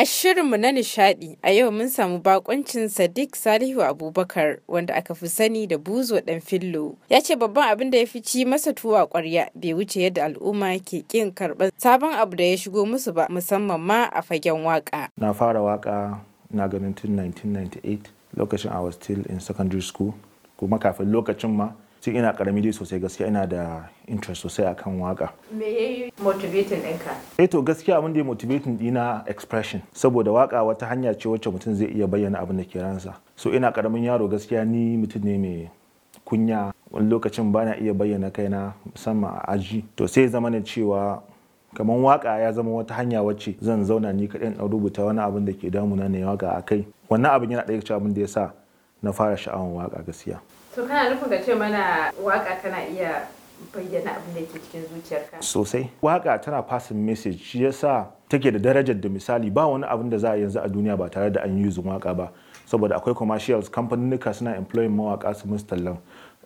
A shirinmu na nishaɗi a yau mun samu bakoncin Sadiq Salihu Abubakar wanda aka fi sani da Buzo ɗan Fillo. Ya ce babban abin da ya fi ci masa tuwa ƙwarya bai wuce yadda al'umma ke ƙin karɓar sabon abu da ya shigo musu ba musamman ma a fagen waka. Na fara waka na ganin tun 1998 lokacin I was still in secondary school kuma kafin lokacin ma sai ina karami dai sosai gaskiya ina da interest sosai a kan waka me yi motivating ɗinka eh to gaskiya abin da ya motivating dina expression saboda waka wata hanya ce wacce mutum zai iya bayyana abin da ke ransa so ina karamin yaro gaskiya ni mutum ne mai kunya wani lokacin bana iya bayyana kaina musamman a aji to sai zama ne cewa kamar waka ya zama wata hanya wacce zan zauna ni kaɗai in rubuta wani abin da ke damuna na waka a kai wannan abin yana ɗaya abin da ya sa na fara sha'awar waka gaskiya to kana nufin ka ce mana waka kana iya bayyana abin da ke cikin zuciyarka sosai waka tana passing message shi yasa take da darajar da misali ba wani abin da za a yanzu a duniya ba tare da an yi waka ba saboda akwai commercials kamfaninnika suna employing mawaka su musu tallan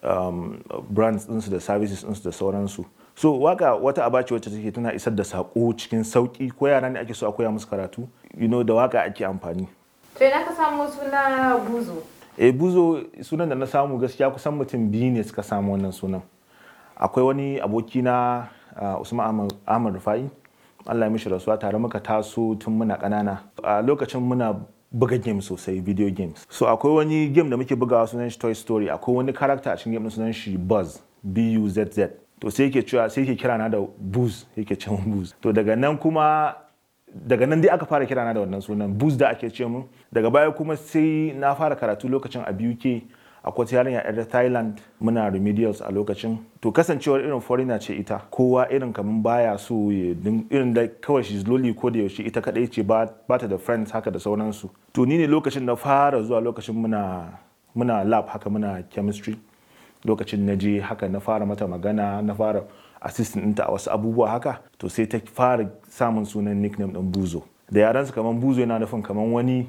um, brands ɗinsu da services ɗinsu da sauransu so waka wata aba ce wacce take tana isar da sako cikin sauki ko yara ne ake so a koya musu karatu you know da waka ake amfani to ina ka samu suna buzu e buzo sunan da na samu gaskiya kusan mutum biyu ne suka samu wannan sunan akwai wani aboki na ah, usman ahmad rufa'i allah ya mishi rasuwa tare muka taso tun muna kanana a lokacin muna buga games sosai video games so akwai wani game da muke bugawa sunan shi toy story akwai wani karakta a cikin game sunan shi buzz b-u-z-z to sai yake cewa sai yake kira na da buzz, yake cewa buzz. to daga nan kuma daga nan dai aka fara kirana da wannan sunan bus da ake ce mun daga baya kuma sai na fara karatu lokacin a uk a ta yarinya yar thailand muna remedials a lokacin to kasancewar irin foreigner ce ita kowa irin kamun baya so irin da kawai shi loli ko da yaushe ita kadai ce ba ta da friends haka da sauransu to ni ne lokacin na fara zuwa lokacin muna muna lab haka muna chemistry lokacin na je haka na fara mata magana na fara assistant ɗinta a wasu abubuwa haka to sai ta fara samun sunan nickname ɗin buzo da yaransu kamar buzo yana nufin kamar wani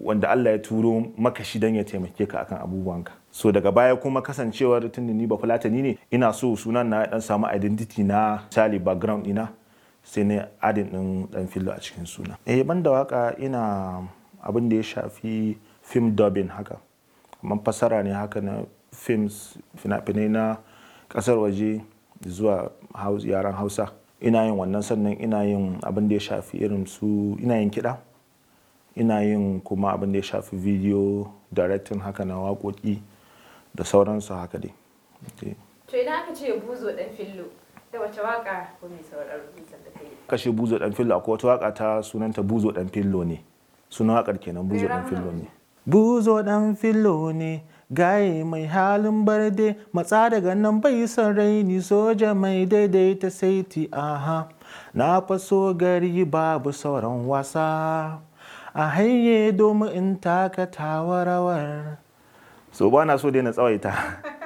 wanda Allah ya turo makashi don ya taimake ka akan abubuwanka so daga baya kuma kasancewar tunda ni ba fulatani ne ina so sunan na dan samu identity na sali background ina sai na adin din dan fillo a cikin suna eh ban da waka ina abin da ya shafi film dubbing haka kamar fasara ne haka na films fina-finai na kasar waje zuwa yaran hausa ina yin wannan sannan ina yin abin da ya shafi irin su ina yin kiɗa ina yin kuma abin da ya shafi video directing haka na waƙoƙi da sauransu haka dai to idan aka ce buzo dan fillo da wace waka ko mai sauraron buzon da kai kashe buzo dan fillo akwai wata waka ta sunanta buzo dan fillo ne sunan wakar kenan buzo dan fillo ne buzo dan fillo ne gaye mai halin barde matsa daga nan bai son raini soja mai daidaita saiti aha na faso gari babu sauran wasa a hanye domin in taka tawarawar so ba na so dai na tsawaita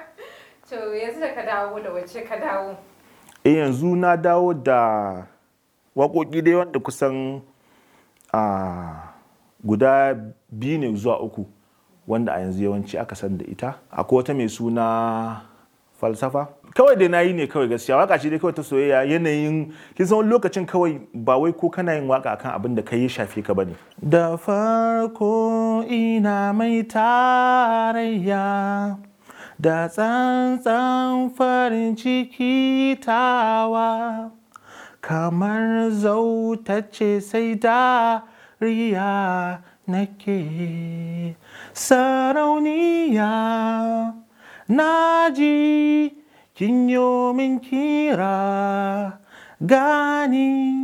to yanzu da ka dawo da wacce ka dawo eh yanzu na dawo da waƙoƙi dai wanda kusan ah, guda biyu ne zuwa uku wanda a yanzu yawanci aka san da ita akwai wata mai suna falsafa kawai dai nayi ne kawai gaskiya waka ce dai kawai ta soyayya yanayin kin san lokacin kawai ba wai ko kana yin waka akan abin da kai ya shafe ka bane da farko ina mai tarayya da tsantsan farin ciki tawa kamar zautacce sai dariya. riya nake sarauniya na ji kira gani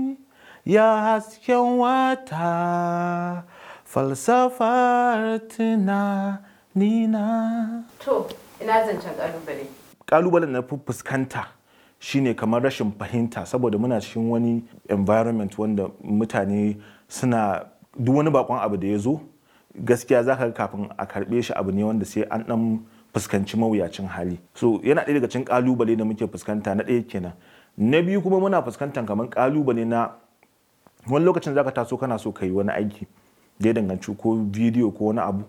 ya hasken wata falsafar tunanina to ina zancen kalubale kalubalen na fi fuskanta shine kamar rashin fahimta saboda muna cikin wani environment wanda mutane suna duk wani bakon abu da ya zo gaskiya za ka kafin a karɓe shi abu ne wanda sai an ɗan fuskanci mawuyacin hali so yana ɗaya daga cikin kalubale da muke fuskanta na ɗaya kenan na biyu kuma muna fuskantar kamar kalubale na wani lokacin za ka taso kana so ka yi wani aiki da ya danganci ko bidiyo ko wani abu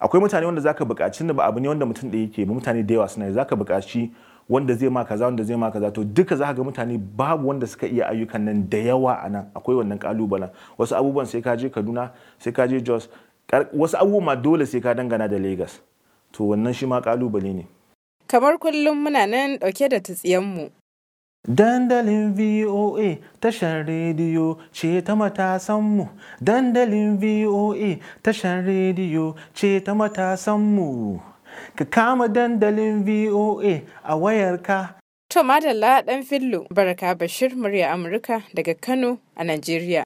akwai mutane wanda zaka buƙaci ba abu ne wanda mutum da yake ba mutane da yawa suna zaka buƙaci wanda zai ma kaza wanda zai ma kaza to duka za ga mutane babu wanda suka iya ayyukan nan da yawa a nan akwai wannan kalubalen wasu abubuwan sai ka je kaduna sai ka je jos wasu abubuwan ma dole sai ka dangana da lagos to wannan shi ma kalubale ne kamar kullum muna nan dauke da mu. Dandalin VOA tashar rediyo ce ta matasan mu Dandalin VOA tashar rediyo ce ta matasan mu. ka kama dandalin VOA a wayarka. To Madalla ɗan fillo Baraka Bashir murya Amurka daga Kano a Najeriya.